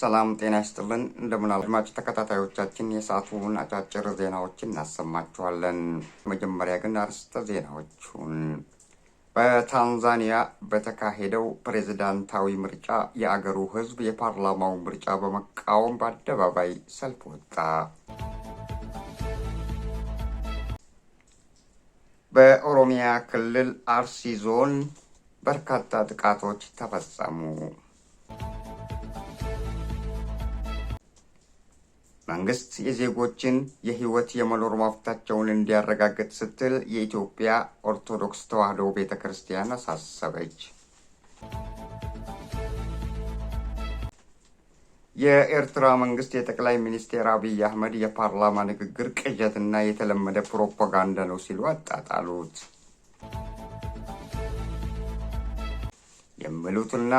ሰላም ጤና ይስጥልን እንደምን አድማጭ ተከታታዮቻችን የሰዓቱን አጫጭር ዜናዎችን እናሰማችኋለን። መጀመሪያ ግን አርዕስተ ዜናዎቹን በታንዛኒያ በተካሄደው ፕሬዝዳንታዊ ምርጫ የአገሩ ሕዝብ የፓርላማው ምርጫ በመቃወም በአደባባይ ሰልፍ ወጣ። በኦሮሚያ ክልል አርሲ ዞን በርካታ ጥቃቶች ተፈጸሙ። መንግስት የዜጎችን የህይወት የመኖር መብታቸውን እንዲያረጋግጥ ስትል የኢትዮጵያ ኦርቶዶክስ ተዋህዶ ቤተ ክርስቲያን አሳሰበች። የኤርትራ መንግስት የጠቅላይ ሚኒስትር አብይ አህመድ የፓርላማ ንግግር ቅዠትና የተለመደ ፕሮፓጋንዳ ነው ሲሉ አጣጣሉት። የሚሉትና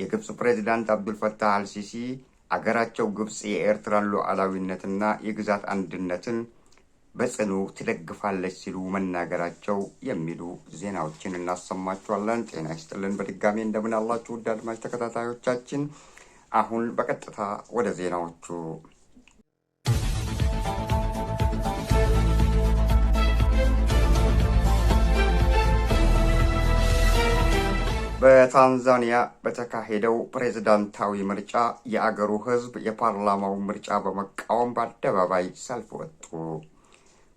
የግብፅ ፕሬዚዳንት አብዱልፈታህ አልሲሲ አገራቸው ግብፅ የኤርትራን ሉዓላዊነትና የግዛት አንድነትን በጽኑ ትደግፋለች ሲሉ መናገራቸው የሚሉ ዜናዎችን እናሰማችኋለን። ጤና ይስጥልን። በድጋሚ እንደምን አላችሁ ውድ አድማጭ ተከታታዮቻችን። አሁን በቀጥታ ወደ ዜናዎቹ በታንዛኒያ በተካሄደው ፕሬዝዳንታዊ ምርጫ የአገሩ ሕዝብ የፓርላማውን ምርጫ በመቃወም በአደባባይ ሰልፍ ወጡ።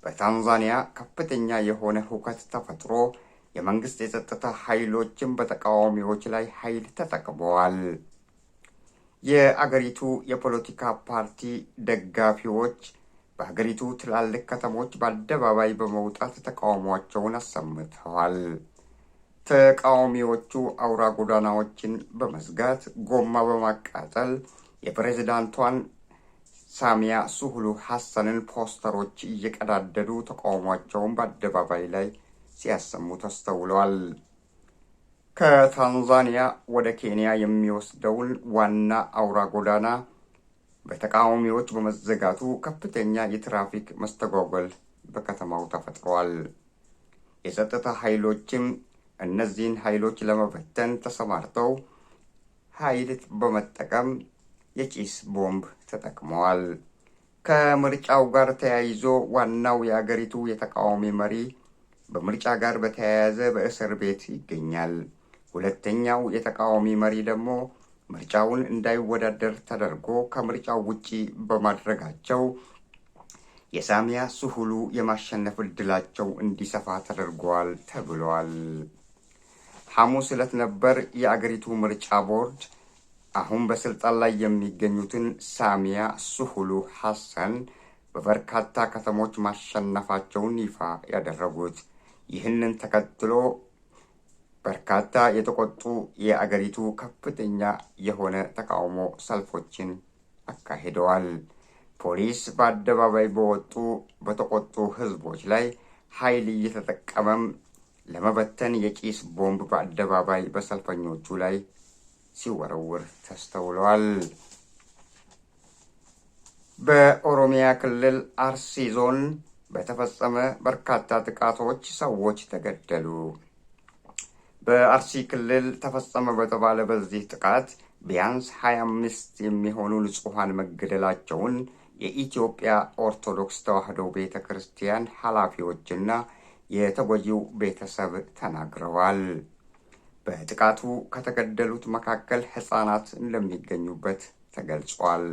በታንዛኒያ ከፍተኛ የሆነ ሁከት ተፈጥሮ የመንግስት የጸጥታ ኃይሎችም በተቃዋሚዎች ላይ ኃይል ተጠቅመዋል። የአገሪቱ የፖለቲካ ፓርቲ ደጋፊዎች በሀገሪቱ ትላልቅ ከተሞች በአደባባይ በመውጣት ተቃውሟቸውን አሰምተዋል። ተቃዋሚዎቹ አውራ ጎዳናዎችን በመዝጋት ጎማ በማቃጠል የፕሬዝዳንቷን ሳሚያ ሱሉሁ ሐሰንን ፖስተሮች እየቀዳደዱ ተቃውሟቸውን በአደባባይ ላይ ሲያሰሙ ተስተውለዋል። ከታንዛኒያ ወደ ኬንያ የሚወስደውን ዋና አውራ ጎዳና በተቃዋሚዎች በመዘጋቱ ከፍተኛ የትራፊክ መስተጓጎል በከተማው ተፈጥሯል። የጸጥታ ኃይሎችም እነዚህን ኃይሎች ለመበተን ተሰማርተው ኃይል በመጠቀም የጭስ ቦምብ ተጠቅመዋል። ከምርጫው ጋር ተያይዞ ዋናው የአገሪቱ የተቃዋሚ መሪ በምርጫ ጋር በተያያዘ በእስር ቤት ይገኛል። ሁለተኛው የተቃዋሚ መሪ ደግሞ ምርጫውን እንዳይወዳደር ተደርጎ ከምርጫው ውጪ በማድረጋቸው የሳሚያ ሱሉሁ የማሸነፍ እድላቸው እንዲሰፋ ተደርጓል ተብሏል። ሐሙስ ዕለት ነበር የአገሪቱ ምርጫ ቦርድ አሁን በስልጣን ላይ የሚገኙትን ሳሚያ ሱሉሁ ሐሰን በበርካታ ከተሞች ማሸነፋቸውን ይፋ ያደረጉት። ይህንን ተከትሎ በርካታ የተቆጡ የአገሪቱ ከፍተኛ የሆነ ተቃውሞ ሰልፎችን አካሂደዋል። ፖሊስ በአደባባይ በወጡ በተቆጡ ህዝቦች ላይ ኃይል እየተጠቀመም ለመበተን የጭስ ቦምብ በአደባባይ በሰልፈኞቹ ላይ ሲወረውር ተስተውለዋል። በኦሮሚያ ክልል አርሲ ዞን በተፈጸመ በርካታ ጥቃቶች ሰዎች ተገደሉ። በአርሲ ክልል ተፈጸመ በተባለ በዚህ ጥቃት ቢያንስ 25 የሚሆኑ ንጹሐን መገደላቸውን የኢትዮጵያ ኦርቶዶክስ ተዋሕዶ ቤተ ክርስቲያን ኃላፊዎችና የተጎጂው ቤተሰብ ተናግረዋል። በጥቃቱ ከተገደሉት መካከል ሕፃናት እንደሚገኙበት ተገልጿል።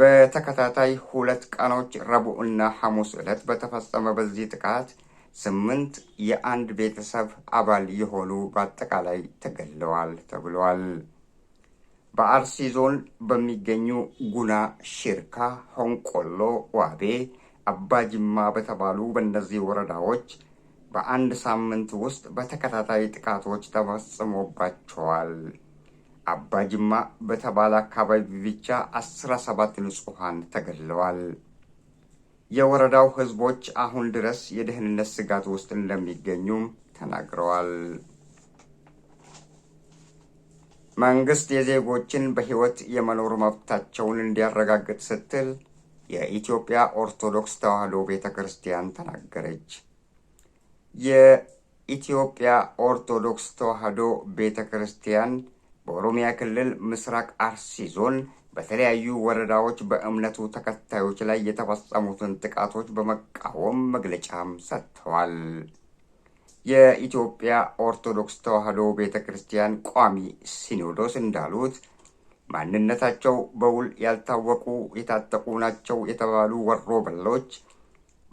በተከታታይ ሁለት ቀኖች ረቡዕና ሐሙስ ዕለት በተፈጸመ በዚህ ጥቃት ስምንት የአንድ ቤተሰብ አባል የሆኑ በአጠቃላይ ተገድለዋል ተብሏል። በአርሲ ዞን በሚገኙ ጉና፣ ሽርካ፣ ሆንቆሎ፣ ዋቤ አባጅማ በተባሉ በእነዚህ ወረዳዎች በአንድ ሳምንት ውስጥ በተከታታይ ጥቃቶች ተፈጽሞባቸዋል። አባጅማ በተባለ አካባቢ ብቻ ሰባት ንጹሐን ተገድለዋል። የወረዳው ህዝቦች አሁን ድረስ የደህንነት ስጋት ውስጥ እንደሚገኙም ተናግረዋል። መንግስት የዜጎችን በህይወት የመኖር መብታቸውን እንዲያረጋግጥ ስትል የኢትዮጵያ ኦርቶዶክስ ተዋሕዶ ቤተ ክርስቲያን ተናገረች። የኢትዮጵያ ኦርቶዶክስ ተዋሕዶ ቤተ ክርስቲያን በኦሮሚያ ክልል ምስራቅ አርሲ ዞን በተለያዩ ወረዳዎች በእምነቱ ተከታዮች ላይ የተፈጸሙትን ጥቃቶች በመቃወም መግለጫም ሰጥተዋል። የኢትዮጵያ ኦርቶዶክስ ተዋሕዶ ቤተ ክርስቲያን ቋሚ ሲኖዶስ እንዳሉት ማንነታቸው በውል ያልታወቁ የታጠቁ ናቸው የተባሉ ወሮ በሎች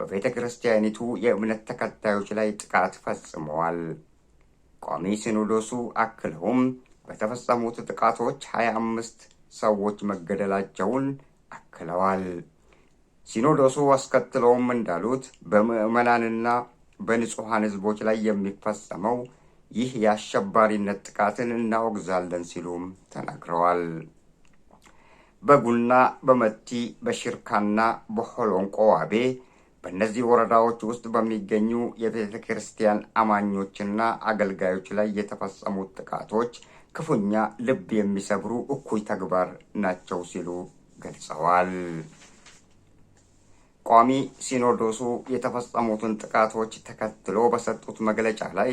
በቤተ ክርስቲያኒቱ የእምነት ተከታዮች ላይ ጥቃት ፈጽመዋል። ቋሚ ሲኖዶሱ አክለውም በተፈጸሙት ጥቃቶች 25 ሰዎች መገደላቸውን አክለዋል። ሲኖዶሱ አስከትለውም እንዳሉት በምዕመናንና በንጹሐን ሕዝቦች ላይ የሚፈጸመው ይህ የአሸባሪነት ጥቃትን እናወግዛለን ሲሉም ተናግረዋል። በጉና በመቲ በሽርካና በሆሎንቆ ዋቤ በእነዚህ ወረዳዎች ውስጥ በሚገኙ የቤተ ክርስቲያን አማኞችና አገልጋዮች ላይ የተፈጸሙት ጥቃቶች ክፉኛ ልብ የሚሰብሩ እኩይ ተግባር ናቸው ሲሉ ገልጸዋል። ቋሚ ሲኖዶሱ የተፈጸሙትን ጥቃቶች ተከትሎ በሰጡት መግለጫ ላይ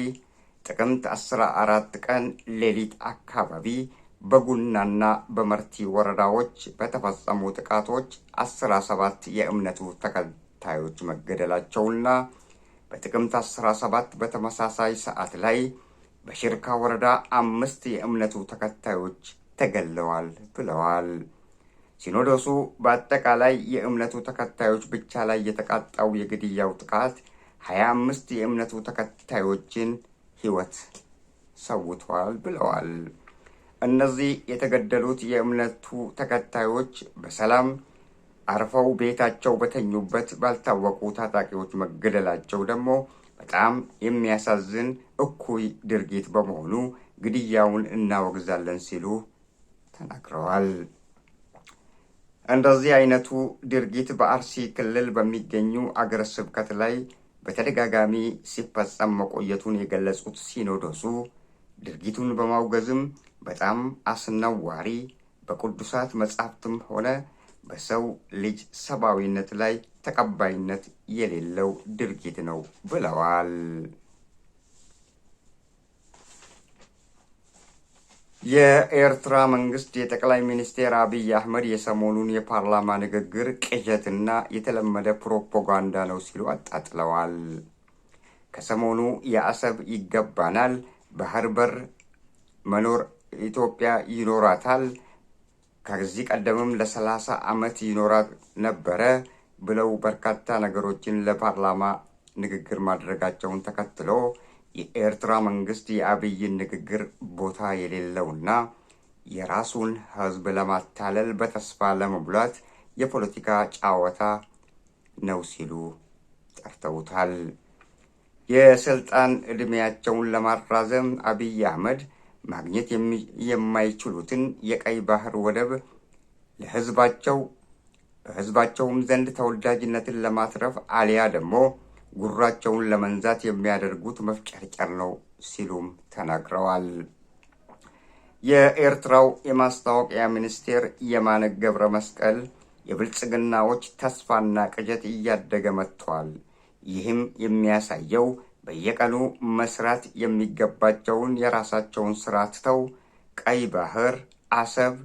ጥቅምት 14 ቀን ሌሊት አካባቢ በጉናና በመርቲ ወረዳዎች በተፈጸሙ ጥቃቶች 17 የእምነቱ ተከታዮች መገደላቸውና በጥቅምት 17 በተመሳሳይ ሰዓት ላይ በሽርካ ወረዳ አምስት የእምነቱ ተከታዮች ተገለዋል ብለዋል። ሲኖዶሱ በአጠቃላይ የእምነቱ ተከታዮች ብቻ ላይ የተቃጣው የግድያው ጥቃት 25 የእምነቱ ተከታዮችን ሕይወት ሰውቷል ብለዋል። እነዚህ የተገደሉት የእምነቱ ተከታዮች በሰላም አርፈው ቤታቸው በተኙበት ባልታወቁ ታጣቂዎች መገደላቸው ደግሞ በጣም የሚያሳዝን እኩይ ድርጊት በመሆኑ ግድያውን እናወግዛለን ሲሉ ተናግረዋል። እንደዚህ አይነቱ ድርጊት በአርሲ ክልል በሚገኙ አገረ ስብከት ላይ በተደጋጋሚ ሲፈጸም መቆየቱን የገለጹት ሲኖዶሱ ድርጊቱን በማውገዝም በጣም አስነዋሪ በቅዱሳት መጻሕፍትም ሆነ በሰው ልጅ ሰብአዊነት ላይ ተቀባይነት የሌለው ድርጊት ነው ብለዋል። የኤርትራ መንግስት የጠቅላይ ሚኒስትር አብይ አህመድ የሰሞኑን የፓርላማ ንግግር ቅዠትና የተለመደ ፕሮፓጋንዳ ነው ሲሉ አጣጥለዋል። ከሰሞኑ የአሰብ ይገባናል፣ ባህር በር መኖር ኢትዮጵያ ይኖራታል፣ ከዚህ ቀደምም ለሰላሳ ዓመት ይኖራት ነበረ ብለው በርካታ ነገሮችን ለፓርላማ ንግግር ማድረጋቸውን ተከትሎ የኤርትራ መንግስት የአብይን ንግግር ቦታ የሌለውና የራሱን ህዝብ ለማታለል በተስፋ ለመብላት የፖለቲካ ጨዋታ ነው ሲሉ ጠርተውታል። የስልጣን ዕድሜያቸውን ለማራዘም አብይ አህመድ ማግኘት የማይችሉትን የቀይ ባህር ወደብ ለህዝባቸው በህዝባቸውም ዘንድ ተወዳጅነትን ለማትረፍ አሊያ ደግሞ ጉራቸውን ለመንዛት የሚያደርጉት መፍጨርጨር ነው ሲሉም ተናግረዋል። የኤርትራው የማስታወቂያ ሚኒስቴር የማነ ገብረ መስቀል የብልጽግናዎች ተስፋና ቅዠት እያደገ መጥቷል። ይህም የሚያሳየው በየቀኑ መስራት የሚገባቸውን የራሳቸውን ስራ ትተው ቀይ ባህር፣ አሰብ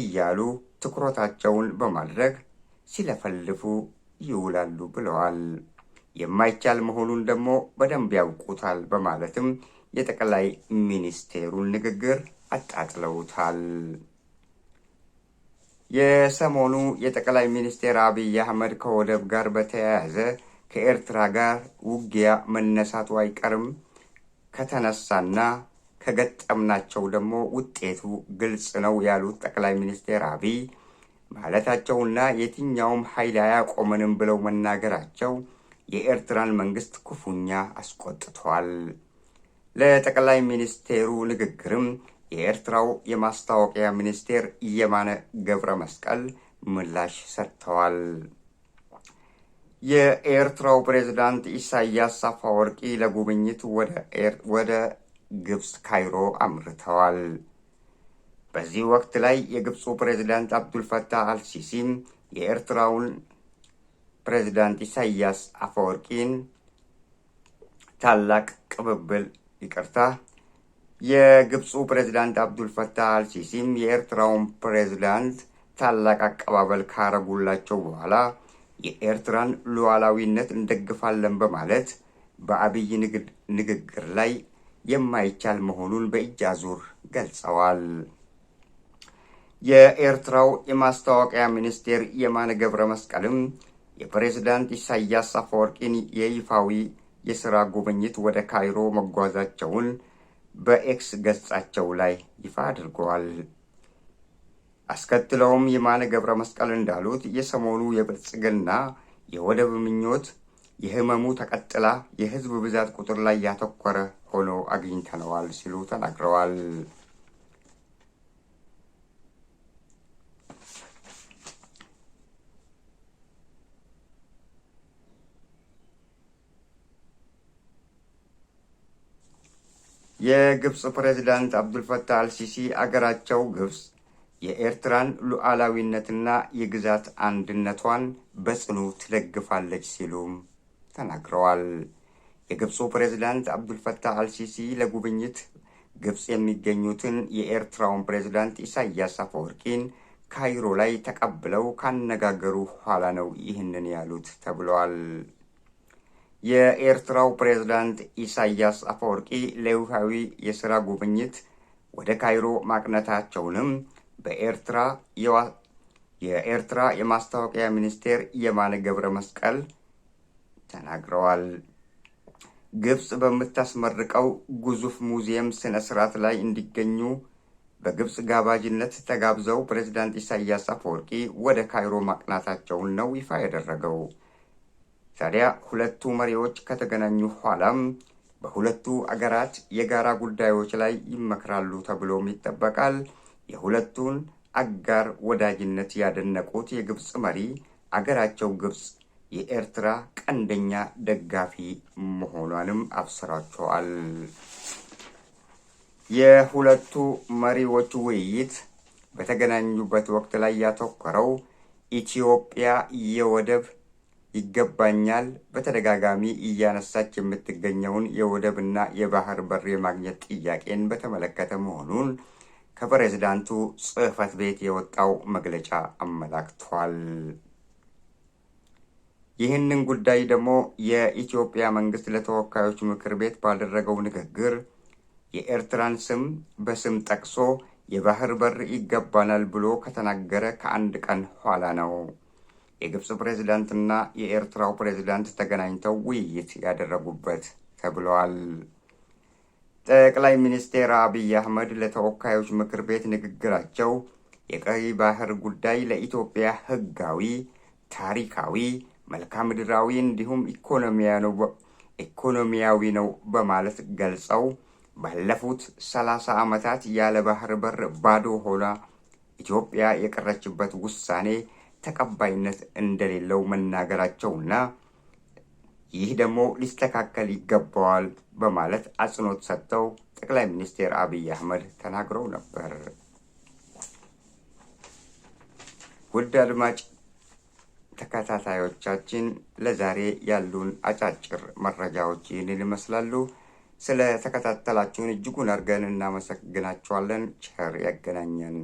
እያሉ ትኩረታቸውን በማድረግ ሲለፈልፉ ይውላሉ ብለዋል። የማይቻል መሆኑን ደግሞ በደንብ ያውቁታል በማለትም የጠቅላይ ሚኒስቴሩን ንግግር አጣጥለውታል። የሰሞኑ የጠቅላይ ሚኒስቴር አብይ አህመድ ከወደብ ጋር በተያያዘ ከኤርትራ ጋር ውጊያ መነሳቱ አይቀርም ከተነሳና ከገጠምናቸው ደግሞ ውጤቱ ግልጽ ነው ያሉት ጠቅላይ ሚኒስቴር አብይ ማለታቸውና የትኛውም ኃይል አያቆመንም ብለው መናገራቸው የኤርትራን መንግስት ክፉኛ አስቆጥቷል። ለጠቅላይ ሚኒስቴሩ ንግግርም የኤርትራው የማስታወቂያ ሚኒስቴር የማነ ገብረ መስቀል ምላሽ ሰጥተዋል። የኤርትራው ፕሬዝዳንት ኢሳያስ አፈወርቂ ለጉብኝት ወደ ግብፅ ካይሮ አምርተዋል። በዚህ ወቅት ላይ የግብፁ ፕሬዝዳንት አብዱልፈታህ አልሲሲም የኤርትራውን ፕሬዚዳንት ኢሳያስ አፈወርቂን ታላቅ ቅብብል ይቅርታ የግብፁ ፕሬዚዳንት አብዱልፈታህ አልሲሲም የኤርትራውን ፕሬዚዳንት ታላቅ አቀባበል ካረጉላቸው በኋላ የኤርትራን ሉዓላዊነት እንደግፋለን በማለት በአብይ ንግግር ላይ የማይቻል መሆኑን በእጅ አዙር ገልጸዋል። የኤርትራው የማስታወቂያ ሚኒስቴር የማነ ገብረ መስቀልም የፕሬዝዳንት ኢሳያስ አፈወርቂን የይፋዊ የሥራ ጉብኝት ወደ ካይሮ መጓዛቸውን በኤክስ ገጻቸው ላይ ይፋ አድርገዋል። አስከትለውም የማነ ገብረ መስቀል እንዳሉት የሰሞኑ የብልጽግና የወደብ ምኞት የህመሙ ተቀጥላ የህዝብ ብዛት ቁጥር ላይ ያተኮረ ሆኖ አግኝተነዋል ሲሉ ተናግረዋል። የግብፅ ፕሬዝዳንት አብዱልፈታህ አልሲሲ አገራቸው ግብፅ የኤርትራን ሉዓላዊነትና የግዛት አንድነቷን በጽኑ ትደግፋለች ሲሉም ተናግረዋል። የግብፁ ፕሬዝዳንት አብዱልፈታህ አልሲሲ ለጉብኝት ግብፅ የሚገኙትን የኤርትራውን ፕሬዝዳንት ኢሳያስ አፈወርቂን ካይሮ ላይ ተቀብለው ካነጋገሩ ኋላ ነው ይህንን ያሉት ተብለዋል። የኤርትራው ፕሬዝዳንት ኢሳያስ አፈወርቂ ለይፋዊ የስራ ጉብኝት ወደ ካይሮ ማቅነታቸውንም የኤርትራ የማስታወቂያ ሚኒስቴር የማነ ገብረ መስቀል ተናግረዋል። ግብፅ በምታስመርቀው ግዙፍ ሙዚየም ስነ ስርዓት ላይ እንዲገኙ በግብፅ ጋባዥነት ተጋብዘው ፕሬዝዳንት ኢሳያስ አፈወርቂ ወደ ካይሮ ማቅናታቸውን ነው ይፋ ያደረገው። ታዲያ ሁለቱ መሪዎች ከተገናኙ ኋላም በሁለቱ አገራት የጋራ ጉዳዮች ላይ ይመክራሉ ተብሎም ይጠበቃል። የሁለቱን አጋር ወዳጅነት ያደነቁት የግብፅ መሪ አገራቸው ግብፅ የኤርትራ ቀንደኛ ደጋፊ መሆኗንም አብስራቸዋል። የሁለቱ መሪዎች ውይይት በተገናኙበት ወቅት ላይ ያተኮረው ኢትዮጵያ የወደብ ይገባኛል በተደጋጋሚ እያነሳች የምትገኘውን የወደብና የባህር በር የማግኘት ጥያቄን በተመለከተ መሆኑን ከፕሬዝዳንቱ ጽህፈት ቤት የወጣው መግለጫ አመላክቷል። ይህንን ጉዳይ ደግሞ የኢትዮጵያ መንግስት ለተወካዮች ምክር ቤት ባደረገው ንግግር የኤርትራን ስም በስም ጠቅሶ የባህር በር ይገባናል ብሎ ከተናገረ ከአንድ ቀን ኋላ ነው። የግብፁ ፕሬዚዳንትና የኤርትራው ፕሬዚዳንት ተገናኝተው ውይይት ያደረጉበት ተብለዋል። ጠቅላይ ሚኒስቴር አብይ አህመድ ለተወካዮች ምክር ቤት ንግግራቸው የቀይ ባህር ጉዳይ ለኢትዮጵያ ሕጋዊ፣ ታሪካዊ፣ መልክዓ ምድራዊ እንዲሁም ኢኮኖሚያዊ ነው በማለት ገልጸው ባለፉት ሰላሳ ዓመታት ያለ ባህር በር ባዶ ሆና ኢትዮጵያ የቀረችበት ውሳኔ ተቀባይነት እንደሌለው መናገራቸውና ይህ ደግሞ ሊስተካከል ይገባዋል በማለት አጽንኦት ሰጥተው ጠቅላይ ሚኒስትር አብይ አህመድ ተናግረው ነበር። ውድ አድማጭ ተከታታዮቻችን ለዛሬ ያሉን አጫጭር መረጃዎች ይህንን ይመስላሉ። ስለ ተከታተላችሁን እጅጉን አድርገን እናመሰግናችኋለን። ቸር ያገናኘን።